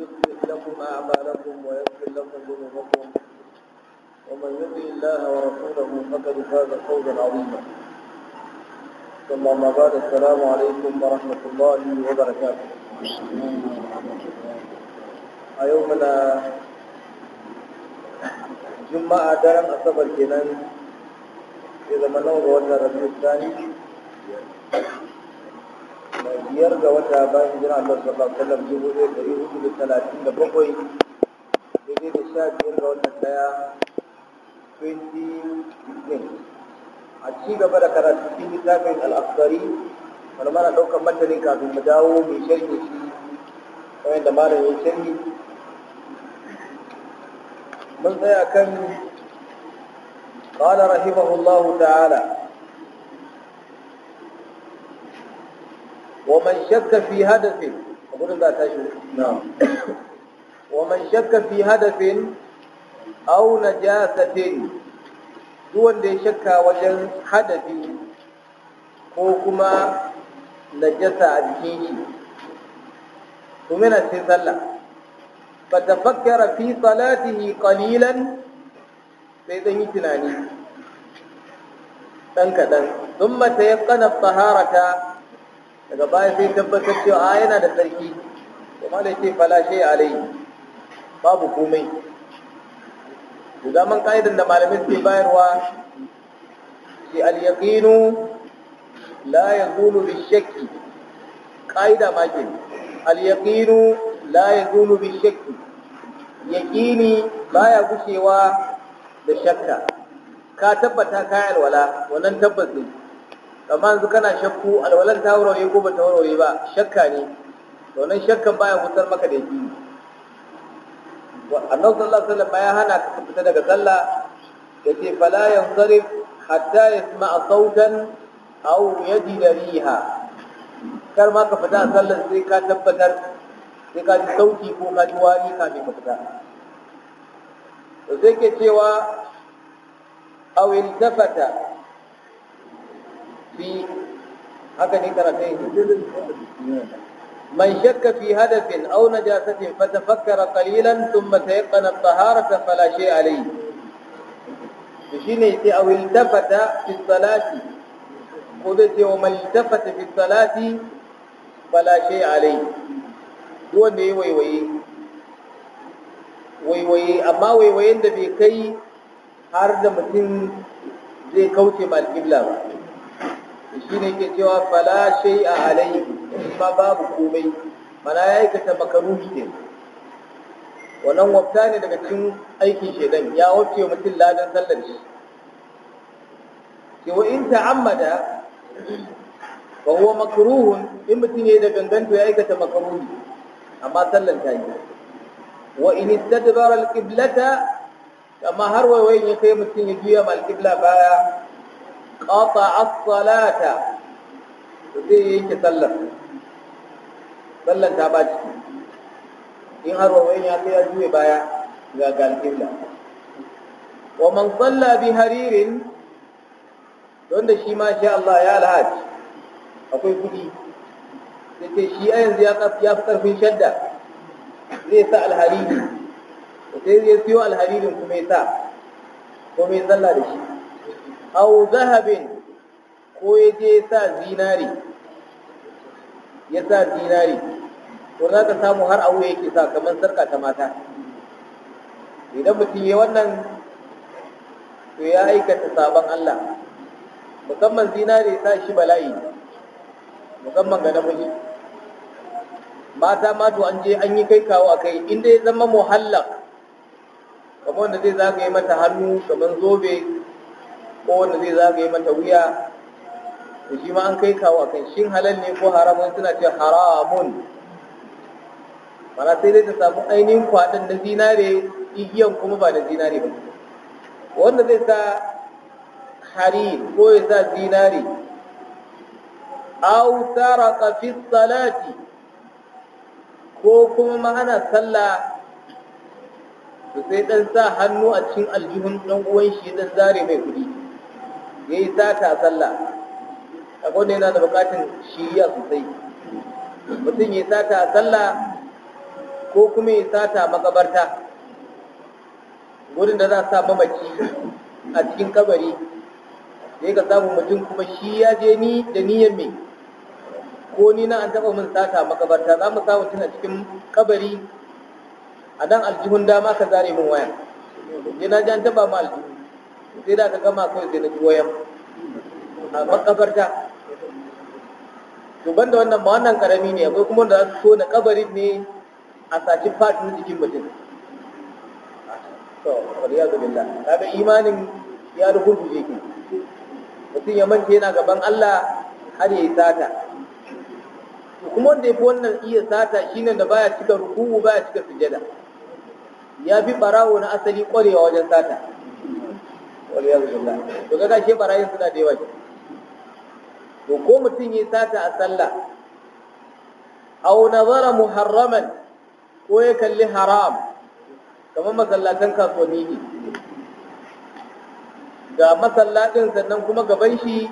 يصلح لكم أعمالكم ويغفر لكم ذنوبكم ومن يطع الله ورسوله فقد فاز فوزا عظيما ثم ما بعد السلام عليكم ورحمة الله وبركاته أيومنا جمعة دارم أصبر كنان إذا منور ولا ربي الثاني biyar ga wata bayan hijira Allah sallallahu alaihi wasallam dubu ɗaya ɗari hudu da talatin da bakwai daidai da sha biyar ga wata ɗaya 2015 a ci gaba da karatu cikin littafin al'afsari wani mana ɗaukar matanin kafin mu dawo mai sharhi shi kamar da malam ya sharhi mun tsaya kan قال رحمه الله تعالى wa man shakka fi hadathin a gudun za a tashi wa man shakka fi hadathin aw najasatin duk wanda ya shakka wajen hadafi ko kuma najasa a jikin shi to mena cikin sallah sai yi tunani dan kadan ya tayaqqana taharata daga baya sai tabbatar cewa a ah, yana da tsarki kuma da ce falashe alai babu komai to daman ka'idan da malamin ke bayarwa shi al-yaqinu la yazulu bi-shakki ka'ida ma ke al-yaqinu la yazulu bi-shakki yaqini baya gushewa da shakka ka tabbata kayan wala, wannan tabbas ne amma yanzu kana shakku alwalar ta warware ko ba ta ba shakka ne to nan shakkan baya hutar maka da yaki annabi sallallahu alaihi wasallam ya hana ka fita daga sallah yace fala yanzarif hatta yasma sautan aw yajida riha kar ma ka fita a sallar sai ka tabbatar sai ka ji sauti ko ka ji wari kafin ka fita to sai ke cewa aw iltafata في haka ne karatun من شك في هدف أو نجاسة فتفكر قليلا ثم تيقن الطهارة فلا شيء عليه شيني أو التفت في الصلاة قدس ومن التفت في الصلاة فلا شيء عليه هو ne وي وي وي waiwayen da وي kai har كي هارد zai زي كوتي مال قبلة shi ne ke cewa fala shai a alaihi ma babu komai mana ya aikata makaruhi ne wannan wafta ne daga cikin aikin shaidan ya wace mutum ladan sallar shi ke wa in ta'ammada fa huwa makruhun in mutum ne da ganganto ya aikata makaruhi amma sallar ta yi wa in istadbara al-qiblata amma har wayoyin ya kai mutum ya juya ma baya qata asalata salata to zai yanke sallar sallar ta ba ciki in har wawayin ya sai ya juye baya ga galkilla wa man salla bi haririn don da shi ma sha Allah ya alhaji akwai kudi sai ce shi a yanzu ya fi karfin shadda zai sa alhariri sai zai siyo alharirin kuma ya sa ko mai zalla da shi au ذهب ko ya je ya sa zinari ya هر أو to za ka samu har إذا yake يوانن kamar sarka ta mata idan mutum ya wannan to ya aikata sabon Allah musamman zinari sa shi bala'i musamman mata ma to an je an yi kai kawo a kai inda ya zama muhallak kamar wanda zai zagaye mata hannu kamar zobe ko wanda zai zagaye mata wuya to shi ma an kai kawo kan shin halal ne ko haramun suna ce haramun mana sai dai ta samu ainihin kwaɗin na zinare igiyan kuma ba na zinare ba wanda zai sa hari ko ya sa zinare au saraka fi salati ko kuma ma ana sallah to sai dan sa hannu a cikin aljihun dan uwan shi dan zare mai kudi ya yi sata a sallah akwai wanda yana da bukatun shi a sosai mutum ya yi sata a sallah ko kuma ya yi sata a makabarta wurin da za a sa mamaci a cikin kabari da ka samu mutum kuma shi ya je ni da niyan mai ko ni na an taɓa min sata makabarta za mu samu tun a cikin kabari a dan aljihun dama ka zare min waya yana na ji an taɓa ma aljihu sai da aka gama kawai sai na ji wayan a makabarta to ban da wannan ma wannan karami ne akwai kuma wanda za su so na kabarin ne a saci fatin jikin mutum to wariya zubillah kaga imanin ya rubuce ki mutum ya mance yana gaban Allah har ya yi sata kuma wanda ya fi wannan iya sata shine da baya cika ruku'u baya cika sujada ya fi barawo na asali kwarewa wajen sata to kaga ke barayin suna da yawa to ko mutum yi sata a sallah aw nazara muharraman ko ya kalli haram kamar masallatan kasuwanni ne ga masallacin sannan kuma gaban shi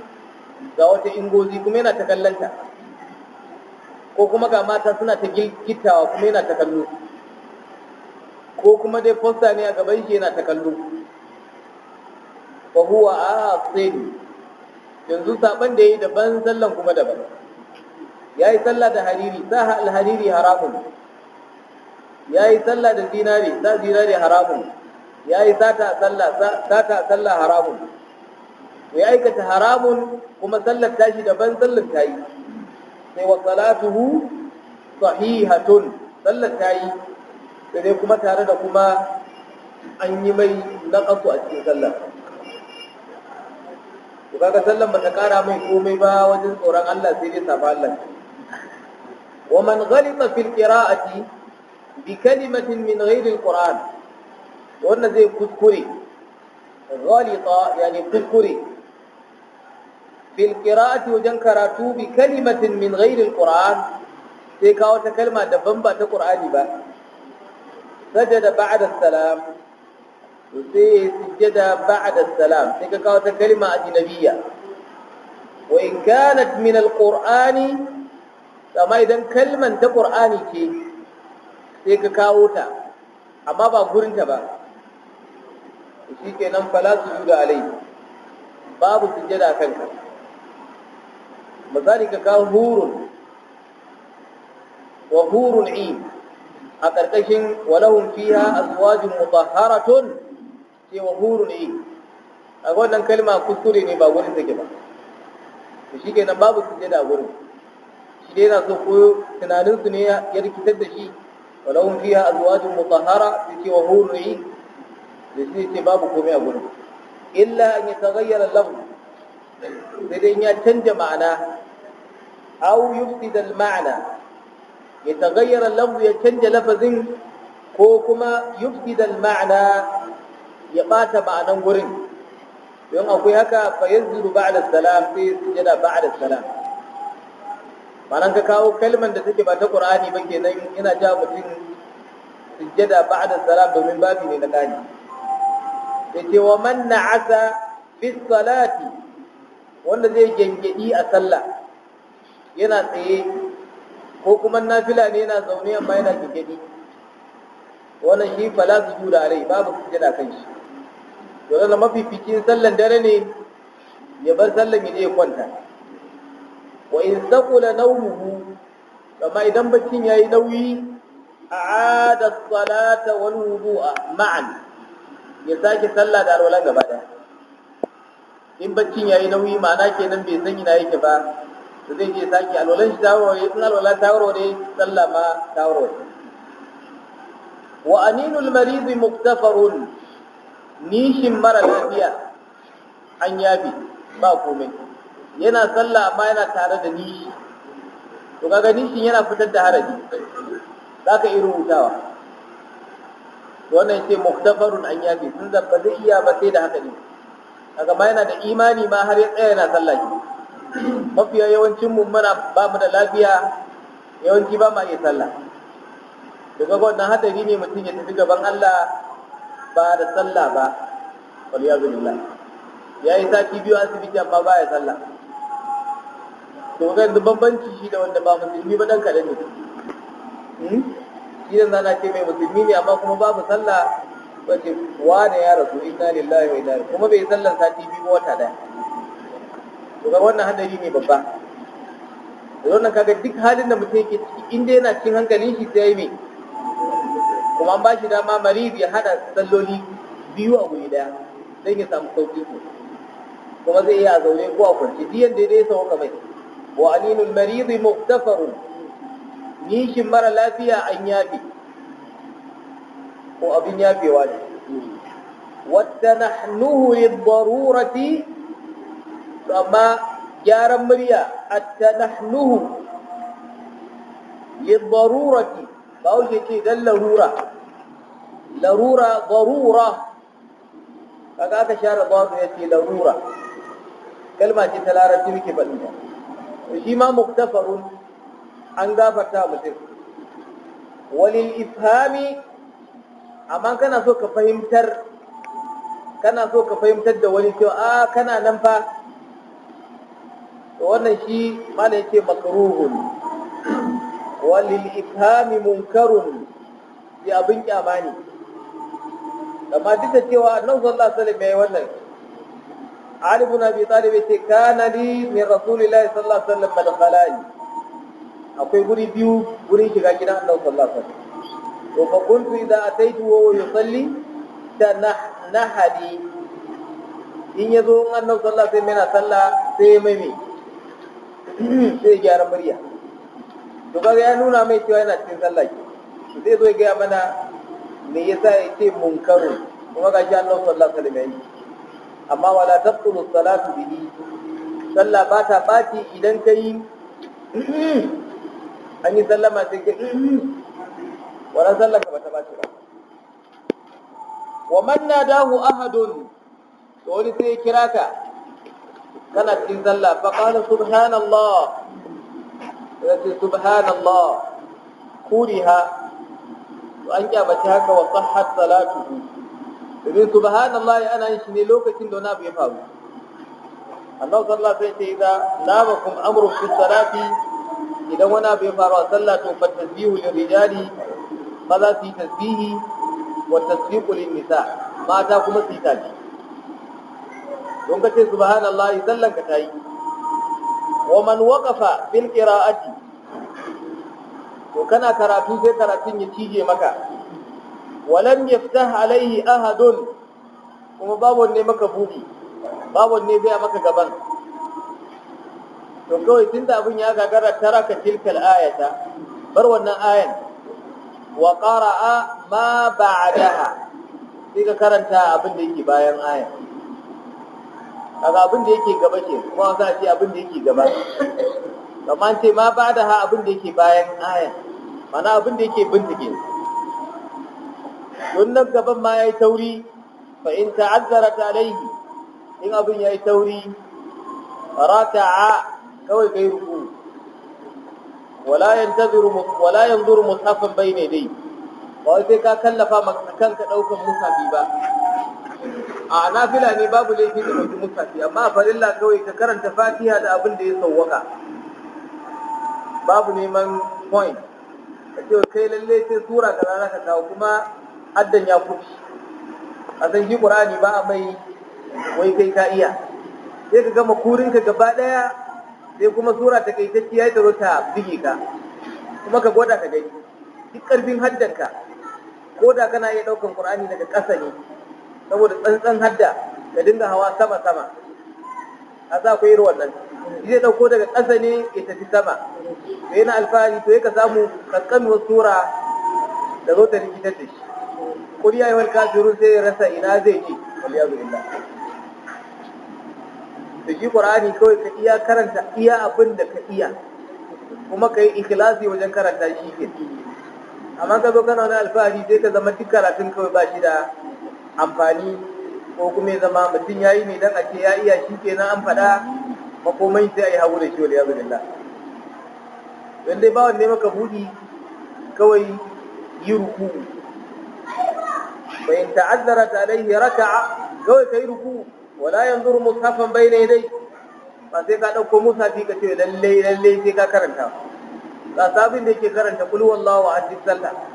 ga wata ingozi kuma yana ta kallanta ko kuma ga mata suna ta gittawa kuma yana ta kallo ko kuma dai fosta ne a gaban shi yana ta kallo wa huwa asin yanzu saban da yayi daban sallan kuma daban yayi sallah da hariri sa al-hariri haramun yayi sallah da dinari sa dinari haramun yayi sata sallah sata sallah haramun ya aikata haramun kuma sallar tashi daban sallar tayi sai wa salatuhu sahihatun sallar tayi sai dai kuma tare da kuma an yi mai naqasu a cikin sallar to kaga sallan bata kara min komai ba wajen tsoron Allah sai dai saba Allah wa man ghalita fil qira'ati bi kalimatin min ghairi al-Qur'an wannan zai kuskure ghalita yani kuskure fil qira'ati wajen karatu bi kalimatin min ghairi al-Qur'an sai kawo ta kalma daban ba ta Qur'ani ba sajada ba'da salam to sai sujjada ba'da salam sai ka kawo ta kalma ajnabiyya wa in kanat min alqur'ani amma idan kalman ta qur'ani ce sai ka kawo ta amma ba gurin ta ba shi ke kenan fala sujuda alai babu da kanka misali ka kawo hurun wa hurun in a ƙarƙashin walahun fiha azwajun mutahharatun cewa hurun yi a wannan kalma kuskure ne ba gurin take ba to shi kenan babu sujada a gurin shi dai yana so koyo tunaninsu ne ya rikitar da shi ولهم فيها أزواج مطهرة في وهور رعي لسنة باب كومي أقول إلا أن يتغير اللفظ لدي يتنج معنى أو يفسد ya يتغير اللفظ ko kuma كوكما يفسد المعنى ya bata ma'anan wurin don akwai haka fa yanzuru ba'da salam sai sujada da salam ma'anan ka kawo kalman da take ba ta Ƙur'ani ba kenan ina ja mutum sujada ba'da salam domin babi ne na Da yace wa man na'asa fi salati wanda zai gyangyaɗi a sallah yana tsaye ko kuma nafila ne yana zaune amma yana gyangyaɗi. wannan shi fala jura rai, babu sujada kan shi to zalla mafificin sallan dare ne ya bar sallan ya je kwanta wa in saqula nawmuhu kama idan baccin yi nauyi a a'ada salata wal a ma'an ya sake sallah da alwala gaba daya in baccin yi nauyi ma'ana kenan bai san ina yake ba to zai je sake alwalan shi tawaro in alwala tawaro ne sallah ma tawaro wa aninul marid muktafarun nishin mara lafiya an yafe ba komai yana sallah amma yana tare da nishi to kaga nishin yana fitar da haraji zaka iri rubutawa to wannan sai muhtafarun an yafe sun da ba zai iya ba sai da haka ne kaga ma yana da imani ma har ya tsaya yana sallah ki mafiya yawancin mu muna ba mu da lafiya yawanci ba ma iya sallah to kaga wannan hadari ne mutum ya tafi gaban Allah ba da sallah ba waliyazu billah ya yi sati biyu asibiti amma ba ya sallah to ga yanzu bambanci shi da wanda ba musulmi ba dan kaɗan ne hmm? shi da zana ce mai musulmi ne amma kuma babu sallah ba ce wane ya rasu inna lillahi wa inna kuma bai sallan sati biyu wata daya to ga wannan hadari ne babba da wannan kaga duk halin da mutum yake ciki inda yana cin hankalin shi sai mai kuma an ba shi dama marid ya hada salloli biyu a guri ɗaya. sai ya samu sauki kuma zai iya zaune ko a kwanci diyan da dai sauka mai wa aninul marid muktafarun nishin mara lafiya an yafe. ko abin yafewa ne wata nahnuhu lidarurati amma gyaran murya atta nahnuhu lidarurati ba wuce ce dan larura larura barura, kaga aka share dadu ya ce larura kalma ce ta larabci muke faɗin ta shi ma muktafarun an gafarta mutum walil ifhami amma kana so ka fahimtar kana so ka fahimtar da wani cewa a ah, kana nan fa to wannan shi mana yake makruhun walil ifhami munkarun ya abin kyama ne amma duk da cewa annabi sallallahu alaihi wasallam yayi wannan Ali ibn Abi Talib yace kana li min rasulillahi sallallahu alaihi wasallam madkhalai akwai guri biyu guri shiga gidan annabi sallallahu alaihi wasallam wa fa kuntu idza ataitu wa yusalli tanah tanahadi in yazo annabi sallallahu alaihi wasallam yana sallah sai mai mai sai gyara murya to kaga ya nuna mai cewa yana cikin sallah sai zo ya gaya mana me yasa ya ce munkaru kuma ga shi Allah sallallahu alaihi wasallam amma wala taqulu salatu bihi sallah ba ta baci idan kai an yi sallama sai ke wannan sallar ka bata baci ba wa man nadahu ahadun to wani sai ya kira ka kana cikin sallah fa qala subhanallah sai subhanallah kuriha an kyamace haka wa sahhat Salatu. domin subhanallah ana yin shi ne lokacin da wani abu ya faru Allah sallallahu alaihi wasallam idan nabakum amru fi salati idan wani abu ya faru a sallah to fa tasbihu lil rijali maza su yi tasbihi wa tasbihu lin nisa mata kuma su yi tashi don ka ce subhanallah sallan ka tayi wa man waqafa bil qira'ati to kana karatu sai karatun ya cije maka walam yaftah alaihi ahadun kuma babu ne maka buɗi babu ne zai maka gaban to kawai tun da abin ya gagara ka tilkal ayata bar wannan ayan wa qara'a ma ba'daha sai ka karanta abin da yake bayan ayan kaga abin da yake gaba ke kuma za a ce abin da yake gaba kamar ce ma ba'daha abin da yake bayan ayan mana abin da yake bintike don nan gaban ma ya yi tauri fa in ta'azzara ta alaihi in abin ya yi tauri rata'a kawai kai ruku wala yantaziru wala yanzuru mushafan bayna dai. ba sai ka kallafa maka kanka daukan musafi ba a nafila ne babu laifi da ɗauki musafi, amma a farilla kawai ka karanta fatiha da abin da ya sauwaka babu neman point ka ce kai lalle sai sura ka za ka kawo kuma addan ya kufi a san shi qur'ani ba a mai wai kai ka iya sai ka gama kurin ka gaba daya sai kuma sura ta kai tacci ya taro ta bige ka kuma ka gwada ka gani duk karfin haddan ka ko da kana iya daukan qur'ani daga ƙasa ne saboda tsantsan hadda ka dinga hawa sama sama a za akwai irin wannan zai dauko daga ƙasa ne ya tafi sama to yana alfahari to ya ka samu kankanuwar sura da zo ta rikitar da shi kuri ya yi wani kafirun sai ya rasa ina zai je, wani ya zuwa da shi ƙur'ani kawai ka iya karanta iya abin da ka iya kuma ka yi ikilasi wajen karanta shi ke amma ka zo kana wani alfahari sai ka zama duk karatun kawai ba shi da amfani ko kuma ya zama mutum ya yi ne don a ce ya iya shi kenan an faɗa makomai sai a yi hagu shi wani yanzu lillah don dai bawan ne maka buɗi kawai yi ruku bayan ta'azzara ta alaihi raka'a kawai ka yi ruku wala yanzu musafan bai ne dai ba sai ka ɗauko musafi ka ce lallai lallai sai ka karanta ba sabin da yake karanta kulwallahu a cikin sallah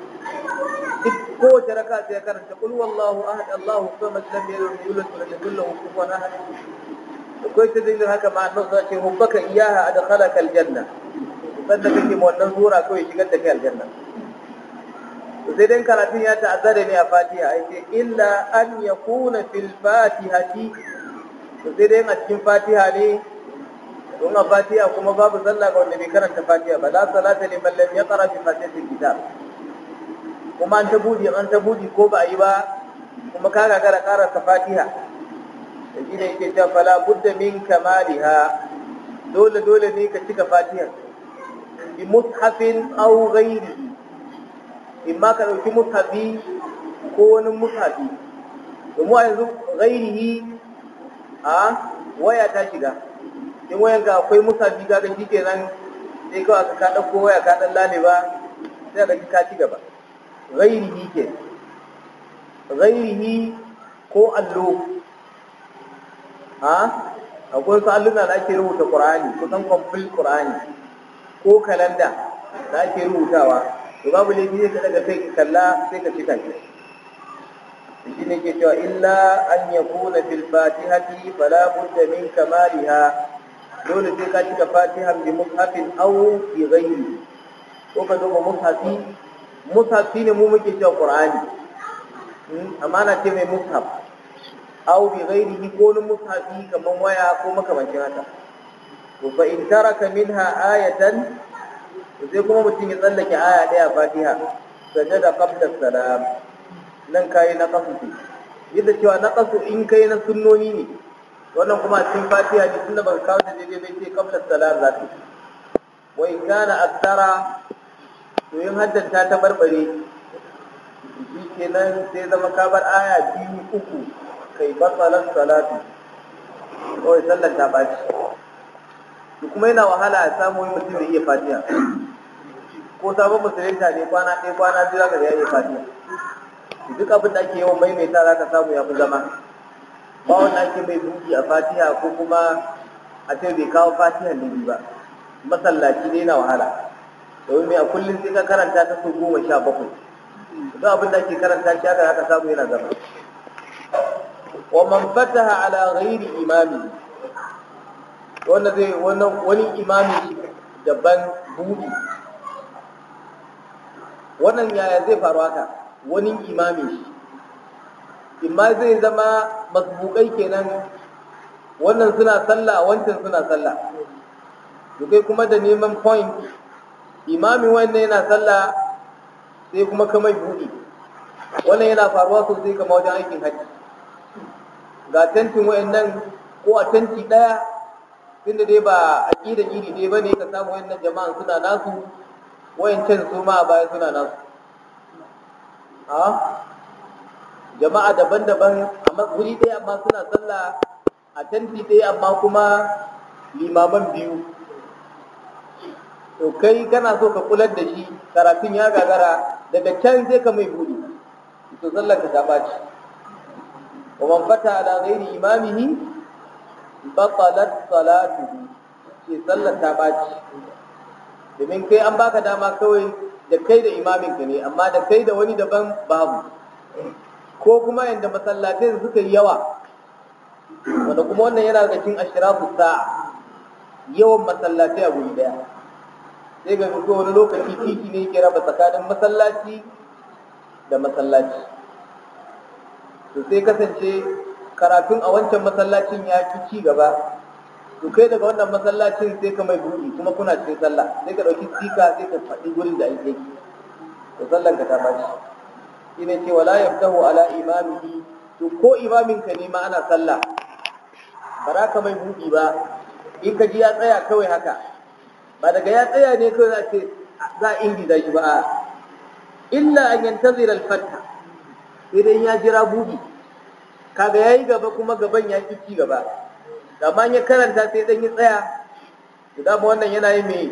kowace raka sai ya karanta kul wallahu ahad Allahu samad lam yalid wa lam yakul lahu kufuwan ahad akwai tadillin haka ma annabi sai ce hubbaka iyaha adkhalaka aljanna sanda kake mu wannan sura kawai shigar da kai aljanna sai dan karatun ya ta'azzara ne a Fatiha ai sai illa an yakuna fil Fatihati sai dai a cikin Fatiha ne don a Fatiha kuma babu sallah ga wanda bai karanta Fatiha ba la salata liman lam yaqra bi Fatihatil kitab kuma an ta buɗe an ta buɗe ko ba a yi ba kuma ka gagara ƙara ta fatiha da shi ne yake ta fala budda min kamaliha dole dole ne ka cika fatiha bi mushafin aw ghairi in ma ka ɗauki mushafi ko wani mushafi domin a yanzu ghairihi a waya ta shiga in wayan ga akwai mushafi kaga shi nan, sai kawai ka dauko waya ka dan lale ba sai ka ka ci gaba ghairihi ke ghairihi ko allo ha akwai su alluna da ake rubuta qur'ani kusan complete ƙur'ani ko kalanda da ake rubutawa to babu laifi ne ka daga sai ka kalla sai ka cika shi shi ne ke cewa illa an yakuna fil fatihati fala budda min kamaliha dole sai ka cika fatihan bi mushafin aw bi ghairi ko ka duba mushafi mushaf shine mu muke cewa qur'ani hmm? amana ce mai mushaf aw bi ghairihi ko ni mushafi kaman waya ko makamancin haka to fa in taraka minha ayatan sai kuma mutum ya tsallake aya daya fatiha sajada qabla salam nan kai na kasu yadda cewa na kasu in kai na sunnoni ne wannan kuma cikin fatiha ne tunda ba ka kawo da daidai bai ce qabla salam za ta wa kana aktsara to yin haddan ta tabarbare shi nan sai zama kabar aya biyu uku kai basalar salatu kawai sallar ta baci kuma yana wahala a samu yi mutum da iya fatiya ko sabon musulunta ne kwana ɗaya kwana biyu zaka ya iya fatiya duk abin da ake yawan maimaita za ka samu ya fi zama ba wanda ake mai duki a Fatiya ko kuma a ce bai kawo Fatiya ne ba masallaci ne na wahala domin a kullum sai ka karanta ta so goma sha bakwai don abin da ke karanta shi haka aka samu yana zama wa man fataha ala ghairi imami wanda zai wannan wani imami daban buɗi. wannan yaya zai faru haka wani imami imma zai zama masbukai kenan wannan suna sallah wancan suna sallah to kai kuma da neman point imami wannan yana sallah sai kuma kamar buɗe wannan yana faruwa sosai kama wajen aikin hajji ga tantin wayannan ko a tanti ɗaya tunda dai ba a ƙida iri ɗaya ba ne ka samu wayannan jama'an suna nasu wayancan su ma a baya suna nasu jama'a daban-daban amma guri ɗaya amma suna sallah a tanti ɗaya amma kuma limaman biyu to kai kana so ka kular da shi karatun ya gagara daga can sai ka mai buɗe to sallar ka ta ɓaci wa man fata ala ghairi imamihi batalat Salatu ce sallar ta ɓaci domin kai an baka dama kawai da kai da imamin ka ne amma da kai da wani daban babu ko kuma yadda masallatai suka yi yawa wanda kuma wannan yana daga cikin ashirafu sa'a yawan masallatai a guri daya sai ga mutum wani lokaci titi ne yake raba tsakanin masallaci da masallaci to sai kasance karatun a wancan masallacin ya fi ci gaba to kai daga wannan masallacin sai ka mai buɗi kuma kuna cikin sallah sai ka ɗauki sika sai ka faɗi gurin da ake to sallan ka ta bashi Ina ce wala yaftahu ala imamihi to ko imamin ka ne ma ana sallah ba za ka mai buɗi ba in ka ji ya tsaya kawai haka ba daga ya tsaya ne kawai za ce za a ingiza shi ba a illa an yantazir al-fatta sai dai ya jira bugi kaga yayi gaba kuma gaban ya ci gaba amma ya karanta sai dan ya tsaya Guda ba wannan yana yi mai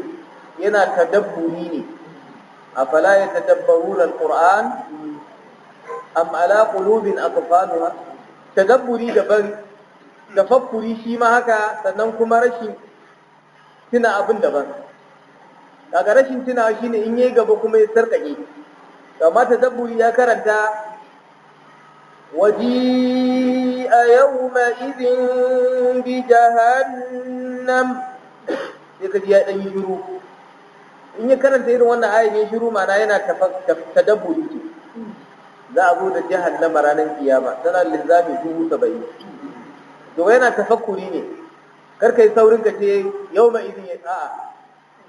yana tadabburi ne afala yatadabbaruna al-qur'an am ala qulubin aqfaluha tadabburi da bari tafakkuri shi ma haka sannan kuma rashin tuna abin daban daga rashin tunawa shine in yayi gaba kuma ya sarkake amma tadabburi ya karanta a وجيء bi بجهنم sai ka ji ya ɗan yi shiru in ya karanta irin wannan ayin ya shiru ma'ana yana tadabburi ke za a zo da jahannama ranar kiyama tana linzami dubu saba'in to yana tafakkuri ne kar yi saurin ka ce yau mai izin ya sa'a,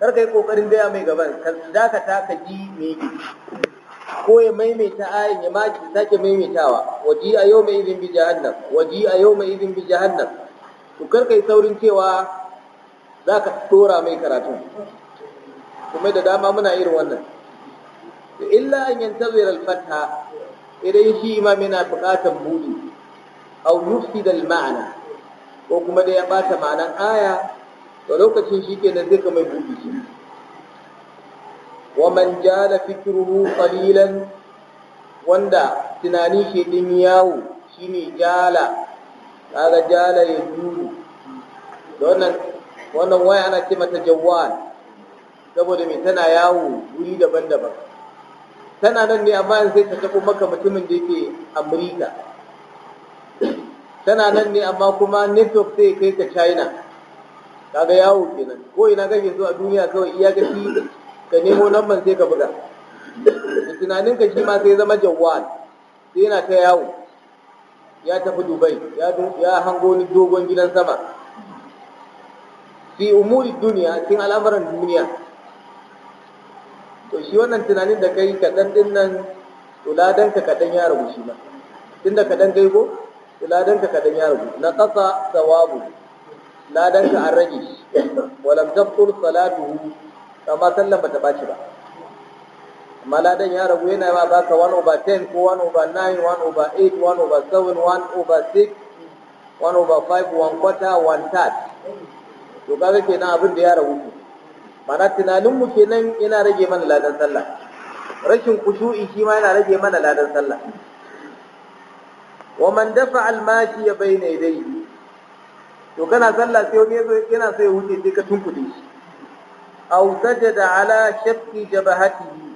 kar yi kokarin gaya mai gaban ka dakata ka ji mai yi ko ya maimaita ayin ya maki sake maimaitawa waji a yau mai izin bi jahannam waji a yau mai izin bi jahannam to kar yi saurin cewa za ka tura mai karatu kuma da dama muna irin wannan illa an yanta al fata idan shi imamina bukatan buƙatar budi aw yufsid al ko kuma da ya bata ma'anan aya to lokacin shi kenan zai ka mai buɗe shi wa man jala fikruhu qalilan wanda tunani shi din yawo shine jala kaga jala ya juru da wannan waya ana ce mata jawwal saboda me tana yawo wuri daban-daban tana nan ne amma sai ta tabo maka mutumin da yake amurika tana nan ne amma kuma network sai kai ka china kaga yawo kenan ko ina kake zuwa duniya kawai iyakaci ka nemo lamban sai ka buga da tunanin ka shi ma sai zama jawwal sai yana ta yawo ya tafi dubai ya hango ni dogon gidan sama fi umuri duniya cikin al'amuran duniya to shi wannan tunanin da kai kaɗan ɗin nan to ladan ka kaɗan ya rabu shi ma tunda kaɗan kai ko ladanka kadan ya rubu na kasa sawabu ladanka an rage walam tabtur salatuhu amma sallan bata baci ba amma ladan ya rubu yana ba baka 1 over 10 ko 1 over 9 1 over 8 1 over 7 1 over 6 1 over 5 one quarter one third to kaga kenan abin da ya ragu mana tunanin mu kenan yana rage mana ladan sallah rashin kushu'i shi ma yana rage mana ladan sallah wa man dafa almashi ya bai na dai to kana sallah sai wani yana so ya huce sai ka tunkuɗe shi aw sajada ala shafki jabahatihi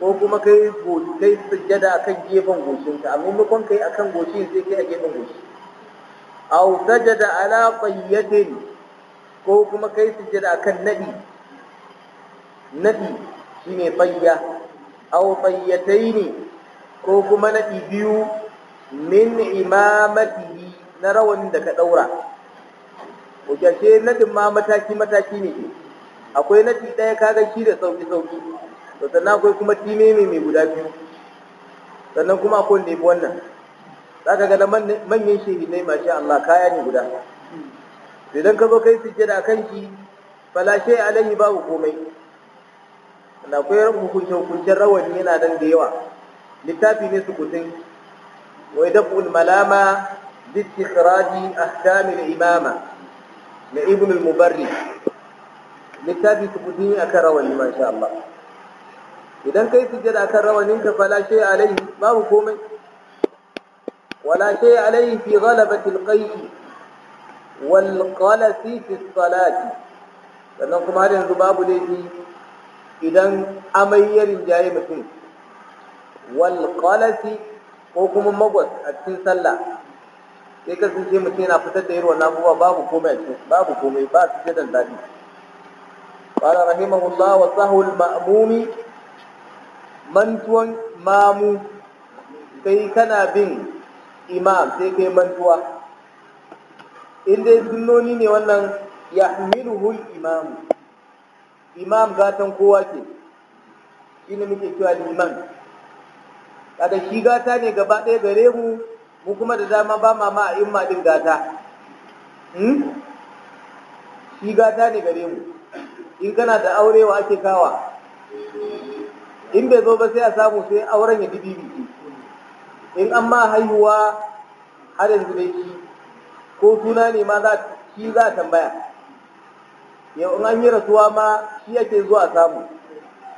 ko kuma kai goshi kai sujjada akan gefen goshinka a maimakon kai akan goshi sai kai a gefen goshi aw sajada ala qayyatin ko kuma kai sujjada akan nadi nadi shine bayya aw bayyataini ko kuma nadi biyu min imamatihi na rawan da ka daura wajace nadin ma mataki mataki ne akwai nadi daya kaga shi da sauki sauki to sannan akwai kuma timeme mai guda biyu sannan kuma akwai ne wannan zaka ga manyan ma masha Allah kaya ne guda idan ka zo kai da kan shi falashe alayhi babu komai Sannan akwai hukuncin rawani yana dan da yawa littafi ne su kutin ويدفع الملامة باستخراج أحكام الإمامة لابن المبرد littafi ku kudi a kan rawani ma insha Allah idan kai sujjada a kan rawaninka fala shay alaihi babu komai wala shay alaihi fi ghalabati alqay'i wal qalasi fi salati sannan kuma har yanzu idan amai ya mutum wal ko kuma magwas a cikin sallah sai kasance mutum yana fitar da irin wannan abubuwa babu komai babu komai ba su jadan daɗi قال رحمه wa Sahul, ma'amumi mantuwan mamu kai kana bin imam sai kai mantuwa in dai sunnoni ne wannan ya Hul imam imam gatan kowa ce shi ne muke cewa liman kada shi gata ne gaba ɗaya gare mu mu kuma da dama ba ma ma a yin din gata hmm? shi gata ne gare mu in kana da aure wa ake kawa in bai zo ba sai a samu sai auren ya dibi biki in an ma haihuwa har yanzu dai shi ko suna ne ma za shi za a tambaya yau in an yi rasuwa ma shi ake zuwa samu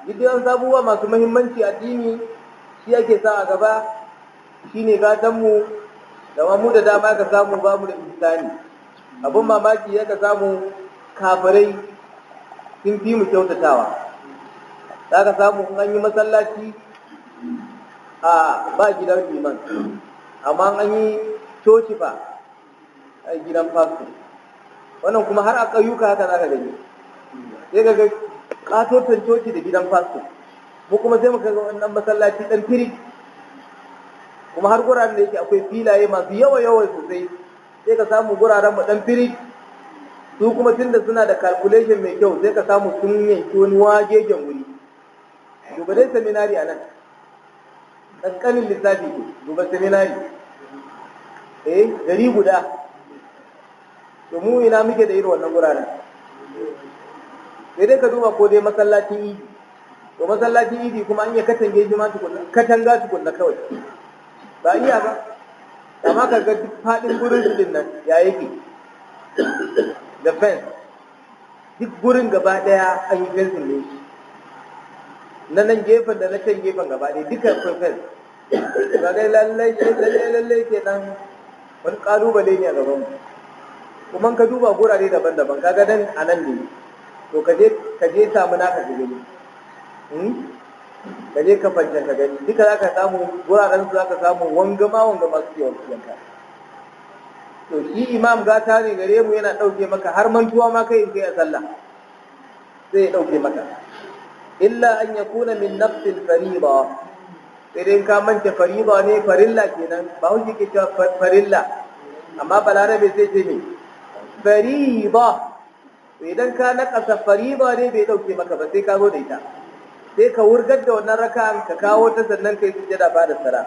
gidan sabuwa masu muhimmanci addini shi yake sa a gaba shi ne gatanmu da mu da dama ka samu ba mu da insani abin mamaki ya ka samu kafirai sun fi mu kyautatawa za ka samu an yi masallaci a ba gidan liman amma an yi coci ba a gidan fasto wannan kuma har a ƙauyuka haka za ka gani sai ka ga ƙatotan coci da gidan fasto mu kuma sai muka ga wannan masallaci dan firi kuma har guraren da yake akwai filaye masu yawa yawa sosai sai ka samu guraren mu dan firi su kuma tunda suna da calculation mai kyau sai ka samu sun yanki wani wagegen wuri duba dai seminari a nan ƙanƙanin lissafi duba seminari eh gari guda to mu ina muke da irin wannan guraren sai dai ka duba ko dai masallacin yi. to masallacin idi kuma an iya katange shi tukunna katanga tukunna kawai ba iya ba amma ka ga duk faɗin gurin su din nan ya yake da fence duk gurin gaba ɗaya an yi fencing ne na nan gefen da na can gefen gaba ɗaya duka akwai fence ba dai lallai lallai lallai ke nan wani ƙalubale ne a gaban mu kuma ka duba gurare daban-daban kaga dan a nan ne to ka je ka je samu naka gani Hmm? ka je ka fancan ka gani duka za ka samu wuraren su za ka samu wangama wangama suke ka to shi imam gata ne gare mu yana ɗauke maka har mantuwa ma kai in kai a sallah sai ya ɗauke maka illa an ya kuna min nafsil fariba sai dai ka manta fariba ne farilla kenan ba hujji ke cewa farilla amma balarabe sai ce me fariba idan ka naƙasa fariba ne bai ɗauke maka ba sai ka zo da ita sai ka wurgar da wannan raka ka kawo ta sannan kai sujjada ba da sara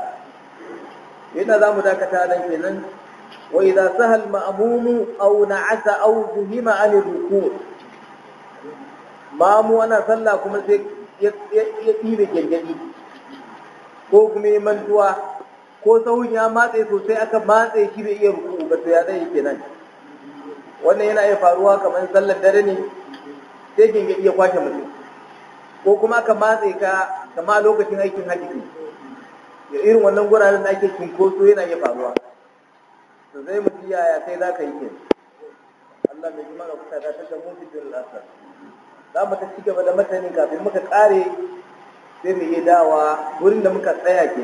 yana zamu dakata nan kenan wa idza sahal ma'mumu aw na'asa aw zuhima an ruku mamu ana sallah kuma sai ya tsire gengedi ko kuma yi mantuwa ko sahun ya matse sosai aka matse shi bai iya ruku ba to ya zai kenan wannan yana iya faruwa kamar sallar dare ne sai gengedi ya kwace mutum ko kuma ka matse ka kama lokacin aikin hajji ya irin wannan guraren da ake cinkoso yana iya faruwa to zai mu ji yaya sai za ka yi ke Allah mai jima da kusa ta tashar mutu jirin za mu ta cigaba da matanin kafin muka kare sai mu yi dawa wurin da muka tsaya ke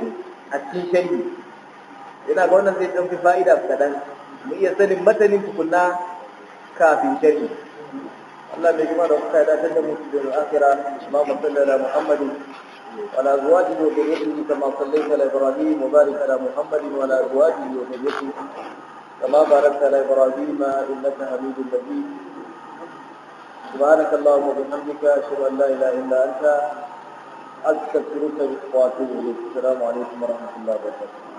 a cikin yana ga wannan zai ɗan fi fa'ida kaɗan mu iya sanin matanin tukunna kafin shari اللهم mai girma da kuka ya dace da mu cikin akhira وعلى أزواجه وذريته كما صليت على إبراهيم وبارك على محمد وعلى أزواجه وذريته كما باركت على إبراهيم إنك حميد مجيد سبحانك اللهم وبحمدك أشهد أن لا إله إلا أنت أستغفرك وأتوب إليك السلام عليكم ورحمة الله وبركاته